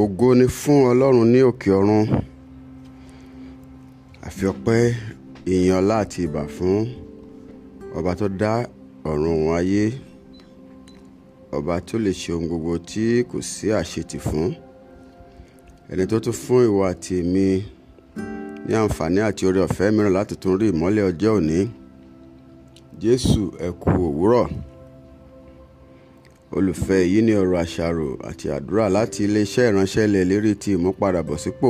ògo ni fún ọlọ́run ní òkè ọ̀run àfi ọpẹ́ ìyìn ọlá àti ìbà fún ọba tó dá ọ̀run òun ayé ọba tó lè ṣe ohun gbogbo tí kò sí àṣetì fún ẹni tó tún fún ìwà àti èmi ní àǹfààní àti oore ọ̀fẹ́ mìíràn láti tún rí ìmọ́lẹ̀ ọjọ́ òní jésù ẹ òwúrọ̀ olùfẹ́ èyí ni ọ̀rọ̀ àṣàrò àti àdúrà láti iléeṣẹ́ ìránṣẹ́ ilẹ̀ lérí ti ìmúpadàbọ̀sípò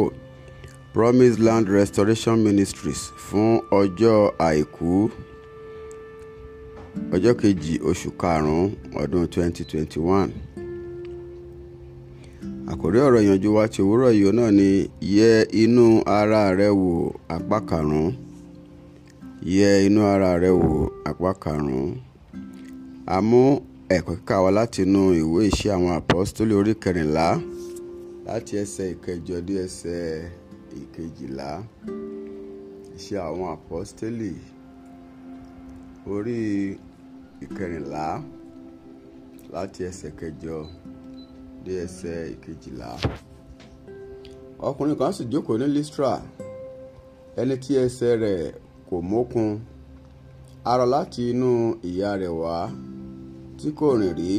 promise land restoration ministries fún ọjọ́ àìkú ọjọ́ kejì oṣù karùn-ún ọdún 2021 àkórí ọ̀rọ̀ ìyànjú wa ti òwúrọ̀ yìí náà ni yẹ inú ara rẹ wò apá karùn-ún yẹ inú ara rẹ wò apá karùn-ún àmú ẹ̀kọ́ kíkà wa láti inú ìwé iṣẹ́ àwọn àpọ́sítólì orí kẹrìnlá láti ẹsẹ̀ ìkẹjọ dé ẹsẹ̀ ìkejìlá iṣẹ́ àwọn àpọ́sítólì orí ìkẹrìnlá láti ẹsẹ̀ kẹjọ dé ẹsẹ̀ ìkejìlá ọkùnrin kan sì jókòó ní listra ẹni tí ẹsẹ̀ rẹ̀ kò mókun arọ láti inú ìyá rẹ̀ wá tí kò rìn rí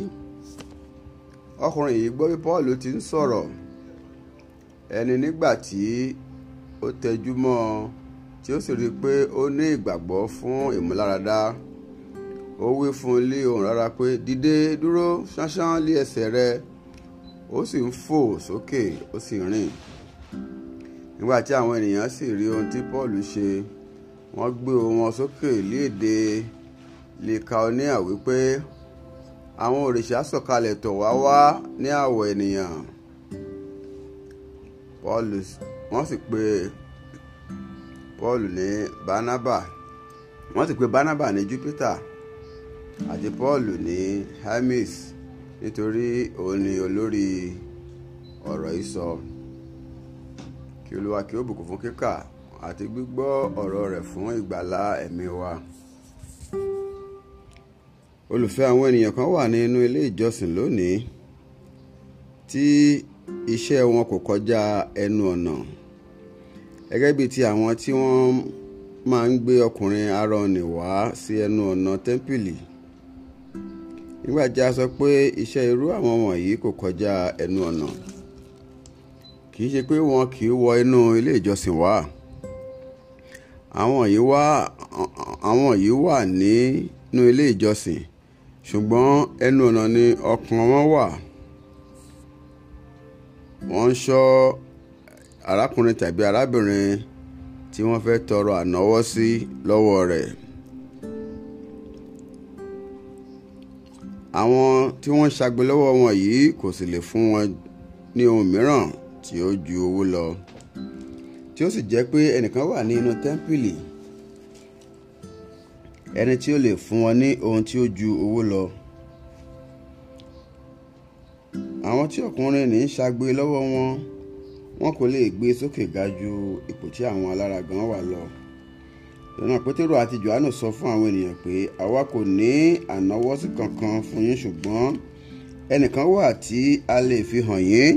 ọkùnrin yìí gbọ́ bí Paul ti ń sọ̀rọ̀ ẹni nígbà tí ó tẹjú mọ́ ọ tí ó sì rí i pé ó ní ìgbàgbọ́ fún ìmúláradá ó wí fún un lé ohùn rárá pé dìde dúró ṣánṣán lé ẹsẹ̀ rẹ ó sì ń fò sókè ó sì rìn nígbà tí àwọn ènìyàn sì rí ohun tí Paul ṣe wọ́n gbé wọn sókè lé èdè likaonia wípé àwọn òrìṣà sọ̀kalẹ̀ tọ̀ wá wá ní àwọ̀ ènìyàn Pọ́ọ̀lù wọ́n sì pè Pọ́ọ̀lù ní Bánábà wọ́n sì pè Bánábà ní Júpítà àti Pọ́ọ̀lù ní Hermes nítorí òun ni olórí ọ̀rọ̀ ìsọ kí Olúwa kí ó bùkún fún kíkà àti gbígbọ́ ọ̀rọ̀ rẹ̀ fún ìgbàlá ẹ̀mí wa olùfẹ́ àwọn ènìyàn kan wà ní inú ilé ìjọsìn lónìí tí iṣẹ́ wọn kò kọjá ẹnu ọ̀nà gẹ́gẹ́ bíi ti àwọn tí wọ́n máa ń gbé ọkùnrin arọnì wá sí ẹnu ọ̀nà tẹ́ḿpìlì nígbà tí a sọ pé iṣẹ́ irú àwọn wọ̀nyí kò kọjá ẹnu ọ̀nà kì í ṣe pé wọn kì í wọ inú ilé ìjọsìn wá àwọn yìí wà ní inú ilé ìjọsìn ṣùgbọ́n ẹnu ọ̀nà ni ọkàn wọn wà wọ́n ń ṣọ́ arákùnrin tàbí arábìnrin tí wọ́n fẹ́ tọrọ ànáwọ́ sí lọ́wọ́ rẹ̀ àwọn tí wọ́n ń ṣàgbélọ́wọ́ wọn yìí kò sì lè fún wọn ní ohun mìíràn tí ó ju owó lọ tí ó sì jẹ́ pé ẹnìkan wà ní inú tẹ́ḿpìlì. No ẹni tí ó lè fún wọn ní ohun tí ó ju owó lọ. àwọn tí ọkùnrin ní í ṣagbe lọ́wọ́ wọn wọn kò lè gbé sókè ga ju ipò tí àwọn alára gan wà lọ. lọ́nà pétérò àti johannu sọ fún àwọn ènìyàn pé àwa kò ní ànáwọ́sí kankan fún yín ṣùgbọ́n ẹnìkan wà tí a lè fi hàn yín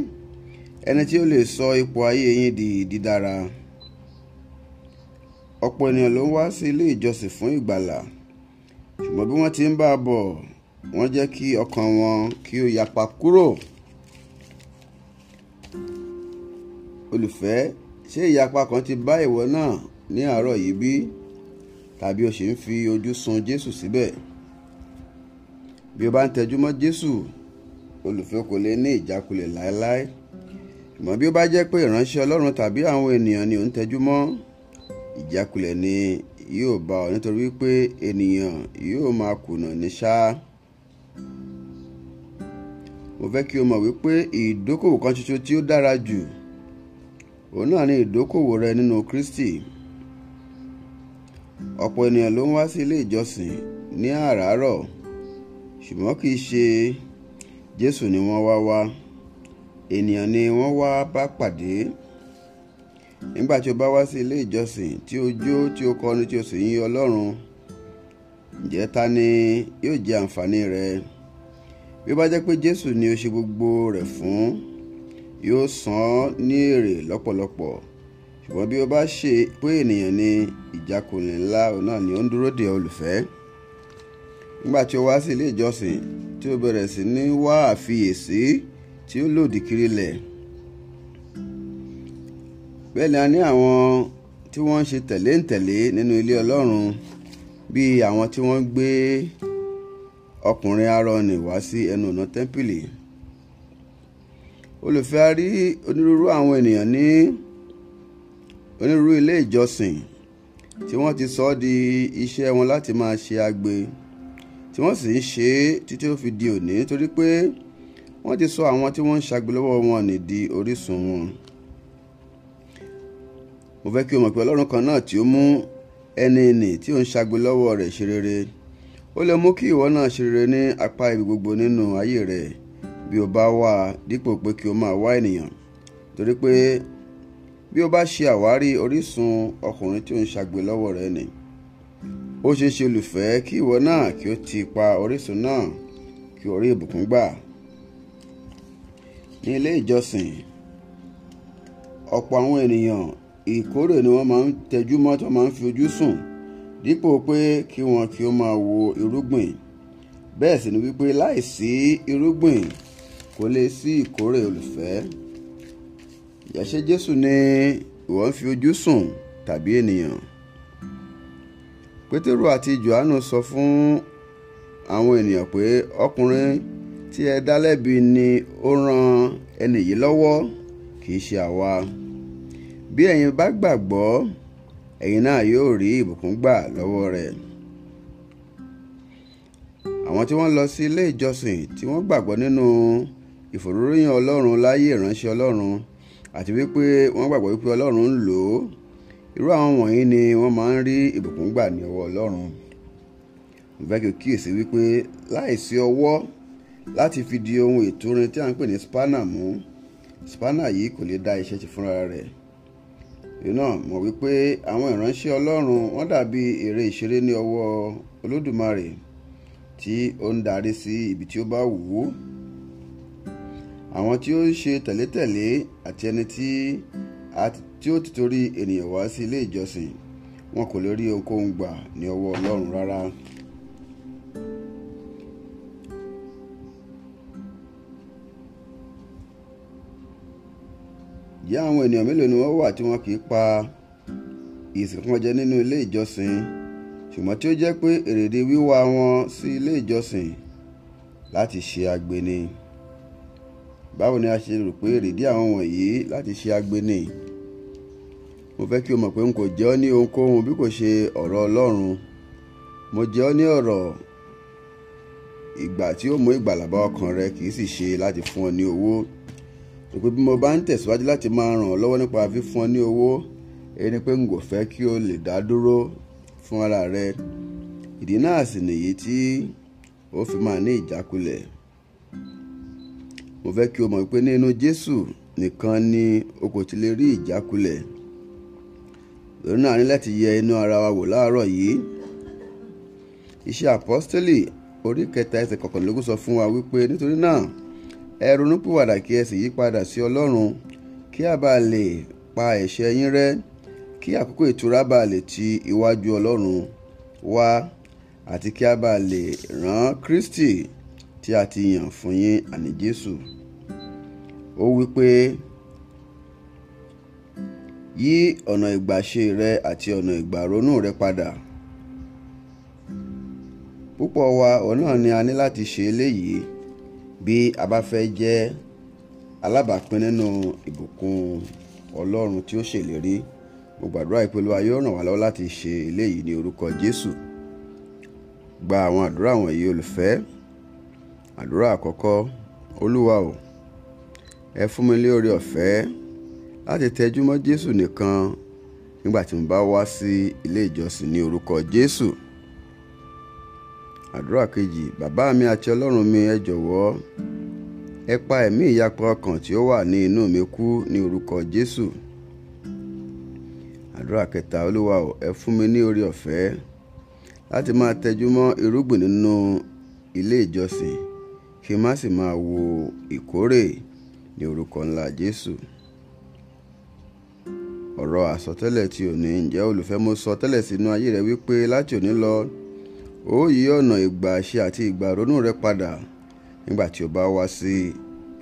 ẹni tí ó lè sọ ipò ayé yín di dídára ọ̀pọ̀ ènìyàn ló ń wá sí ilé ìjọsìn fún ìgbàlà ṣùgbọ́n bí wọ́n ti ń bá a bọ̀ wọ́n jẹ́ kí ọkàn wọn kí ó yapa kúrò. olùfẹ́ ṣé ìyapa kan ti bá ìwọ náà ní àárọ̀ yìí bí tàbí o ṣì ń fi ojú sun Jésù síbẹ̀ bí o bá ń tẹjú mọ́ Jésù olùfẹ́ kò lè ní ìjákulẹ̀ láéláé ṣùgbọ́n bí ó bá jẹ́ pé ìránṣẹ́ Ọlọ́run tàbí àwọn ènìyàn ni ò ń tẹjú mọ́ ìjákulẹ̀ ni yóò bá ọ nítorí wípé ènìyàn yóò máa kùnà ní ṣáá mo fẹ́ kí o mọ̀ wípé ìdókòwò kan ṣoṣo tí ó dára jù òun náà ni ìdókòwò rẹ nínú Kristi ọ̀pọ̀ ènìyàn ló ń wá sí ilé ìjọsìn ní àràárọ̀ ṣùgbọ́n kì í ṣe Jésù ni wọ́n wá wá ènìyàn ni wọ́n wá bá pàdé nígbà tí o bá wá sí ilé ìjọsìn tí o jó tí o kọnu tí o sì yìn ọlọ́run ǹjẹ́ ta ni yóò jẹ àǹfààní rẹ bí ó bá jẹ́ pé jésù ni o ṣe gbogbo rẹ̀ fún yóò san án ní èrè lọ́pọ̀lọpọ̀ ṣùgbọ́n bí o bá ṣe pé ènìyàn ni ìjákulẹ̀ ńlá òun náà ni ó ń dúró de olùfẹ́ nígbà tí o wá sí ilé ìjọsìn tí o bẹ̀rẹ̀ sí ní wá àfiyèsí tí ó lòdì kiri lẹ̀ bẹ́ẹ̀ ni a ní àwọn tí wọ́n ń ṣe tẹ̀lé ń tẹ̀lé nínú ilé Ọlọ́run bíi àwọn tí wọ́n gbé ọkùnrin Áárónì wá sí ẹnu ọ̀nà tẹ́ḿpìlì olùfẹ́ a rí onírúurú àwọn ènìyàn ní onírúurú ilé ìjọsìn tí wọ́n ti sọ ọ́ di iṣẹ́ wọn láti máa ṣe agbe tí wọ́n sì ń ṣe é títí ó fi di òní torí pé wọ́n ti sọ àwọn tí wọ́n ń ṣagbe lọ́wọ́ wọn nì di orísun wọn mo fẹ́ kí o mọ̀ pé ọlọ́run kan náà tí ó mú ẹni nì tí ó ń ṣagbe lọ́wọ́ rẹ̀ ṣe rere ó lè mú kí ìwọ náà ṣe rere ní apá ibi gbogbo nínú ayé rẹ bí o bá wà dípò pé kí o máa wá ènìyàn torí pé bí o bá ṣe àwárí orísun ọkùnrin tí ó ń ṣagbe lọ́wọ́ rẹ nì ó ṣeé ṣe olùfẹ́ kí ìwọ náà kí o ti pa orísun náà kí o rí ìbùkún gbà ní ilé ìjọsìn ọ̀pọ̀ àwọn ènìyàn ìkórè ni wọ́n máa ń tẹjú mọ́ tí wọ́n máa ń fi ojú sùn dípò pé kí wọ́n kí ó máa wo irúgbìn bẹ́ẹ̀ sì ni wípé láìsí irúgbìn kò lè sí ìkórè olùfẹ́ ìyàṣẹ́ Jésù ni ìwọ ń fi ojú sùn tàbí ènìyàn Pétérù àti Jòhánù sọ fún àwọn ènìyàn pé ọkùnrin tí ẹ dá lẹ́bi ni ó ran ẹni yìí lọ́wọ́ kì í ṣe àwa bí ẹ̀yin bá gbàgbọ́ ẹ̀yin náà yóò rí ìbùkún gbà lọ́wọ́ rẹ̀ àwọn tí wọ́n lọ sí ilé ìjọsìn tí wọ́n gbàgbọ́ nínú ìfòróróyìn ọlọ́run láyé ìránṣẹ́ ọlọ́run àti wípé wọ́n gbàgbọ́ wípé ọlọ́run ń lò ó irú àwọn wọ̀nyí ni wọ́n máa ń rí ìbùkún gbà ní ọwọ́ ọlọ́run mo fẹ́ kí o kíyèsí wípé láìsí ọwọ́ láti fi di ohun ìtúrin tí a ń pè ní spanner mú spanner yìí kò lè dá iṣẹ́ ti fúnra rẹ̀ iná mọ̀ wípé àwọn ìránṣẹ́ ọlọ́run wọ́n dàbí ère ìṣeré ní ọwọ́ olódùmarè tí ó ń darí sí ibi tí ó bá wù ú àwọn tí ó ń ṣe tẹ̀létẹ̀lé àti ẹni tí ó ti torí ènìyàn wá sí ilé ìjọsìn wọn kò lè rí ohunkóhun gbà ní ọwọ́ ọlọ́run rárá. jẹ́ àwọn ènìyàn mélòó ni wọ́n wà tí wọ́n kì í pa ìsìnkànjẹ nínú ilé ìjọsìn ṣùgbọ́n tí ó jẹ́ pé èrèdí wíwá wọn sí ilé ìjọsìn láti ṣe agbeni báwo ni a ṣe rò pé èrèdí àwọn wọ̀nyí láti ṣe agbeni mo fẹ́ kí o mọ̀ pé n kò jẹ́ ọ́ ní ohunkóhun bí kò ṣe ọ̀rọ̀ Ọlọ́run mo jẹ́ ọ́ ní ọ̀rọ̀ ìgbà tí ó mú ìgbàlà ọkàn rẹ kì í sì ṣe láti fún ọ ní owó pé bí mo bá ń tẹ̀síwájú láti máa ràn ọ́ lọ́wọ́ nípa fífún ọ ní owó èyí ni pé n kò fẹ́ kí o lè dá dúró fún ara rẹ ìdí náà sì nìyí tí ó fi máa ní ìjákulẹ̀ mo fẹ́ kí o mọ̀ pé nínú Jésù nìkan ni o kò ti lè rí ìjákulẹ̀ lórí náà ní láti yẹ inú ara wa wò láàárọ̀ yìí iṣẹ́ àpọ́stélì orí kẹta ẹsẹ̀ kọkànlélógún sọ fún wa wípé nítorí náà ẹ ronúpìwàdà kí ẹ sì yí padà sí ọlọ́run kí a bá lè pa ẹ̀ṣẹ̀ yín rẹ́ kí àkókò ìtura bá lè ti iwájú ọlọ́run wá àti kí a bá lè rán kristi tí a ti yàn fún yín àní jésù ó wí pé yí ọ̀nà ìgbàṣe rẹ àti ọ̀nà ìgbàronú rẹ padà púpọ̀ wa òun náà ni a ní láti ṣe eléyìí bí a bá fẹ́ jẹ́ alábàápín nínú ìbùkún ọlọ́run tí ó ṣèlérí mo gbàdúrà pé Olúwa yóò ràn wá lọ́wọ́ láti ṣe eléyìí ní orúkọ Jésù gba àwọn àdúrà wọ̀nyí olùfẹ́ àdúrà àkọ́kọ́ Olúwa o ẹ fún mi ní oore ọ̀fẹ́ láti tẹjúmọ́ Jésù nìkan nígbà tí mo bá wá sí ilé ìjọsìn ní orúkọ Jésù àdúrà kejì bàbá mi àti ọlọ́run mi ẹ jọ̀wọ́ ẹ pa ẹ̀mí ìyapa ọkàn tí ó wà ní inú mi kú ní orúkọ jésù àdúrà kẹta olúwa ò ẹ fún mi ní orí ọ̀fẹ́ láti máa tẹjú mọ́ irúgbìn nínú ilé ìjọsìn kí n má sì máa wo ìkórè ní orúkọ ńlá jésù ọ̀rọ̀ àsọtẹ́lẹ̀ tí òní ǹjẹ́ olùfẹ́ mo sọ tẹ́lẹ̀ sínú ayé rẹ wípé láti òní lọ ó yí ọ̀nà ìgbà àṣẹ àti ìgbà ronú rẹ padà nígbà tí o bá wá sí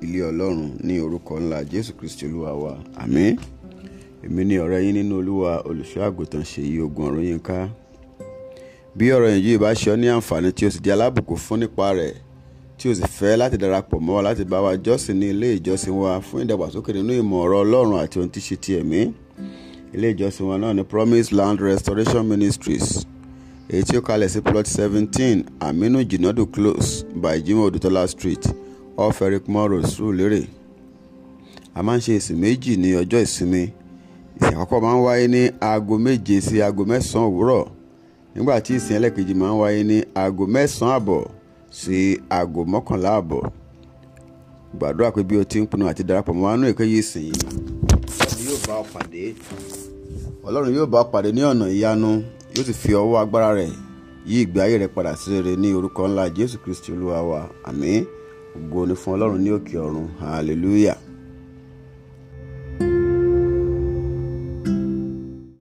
ilé ọlọ́run ní orúkọ ńlá jésù kristi olúwa wa àmín èmi ni ọ̀rẹ́ yín nínú olúwa olùṣọ́ àgùntàn ṣèyí ogun ọ̀run yín ká bí ọ̀rọ̀ yìí bá ṣe ọ́ ní àǹfààní tí o sì di alábùkún fún nípa rẹ̀ tí o sì fẹ́ láti darapọ̀ mọ́ wa láti bá wa jọ́sìn ní ilé ìjọsìn wa fún ìdàgbàsókè nínú ìmọ̀ ọ̀rọ̀ ọlọ́run àti ohun tí ṣe ti ẹ̀mí ilé ìjọsìn wa náà ni Promise Land Restoration Ministries èyí tí ó kalẹ̀ sí plot seventeen aminu jinadu close by jimoh odutola street off eric Morrow moro surulere a máa ń ṣe ìsìn méjì ní ọjọ́ ìsinmi ìsìn àkọ́kọ́ máa ń wáyé ní aago méje sí aago mẹ́sàn-án òwúrọ̀ nígbà tí ìsìn ẹlẹ́kejì máa ń wáyé ní aago mẹ́sàn-án àbọ̀ sí aago mọ́kànlá àbọ̀ gbàdúrà pé bí o ti ń pinnu àti darapọ̀ mọ́ àánú èkéyìí ìsìn yìí ọlọ́run yóò bá ọ pàdé ọlọ́run yóò bá ọ pàdé ní ọ̀nà ìyanu yóò sì fi ọwọ́ agbára rẹ̀ yí ìgbé ayé rẹ̀ padà sí rere ní orúkọ ńlá Jésù Kristi Olúwa wa àmín ògo fún Ọlọ́run ní òkè ọ̀run hallelujah.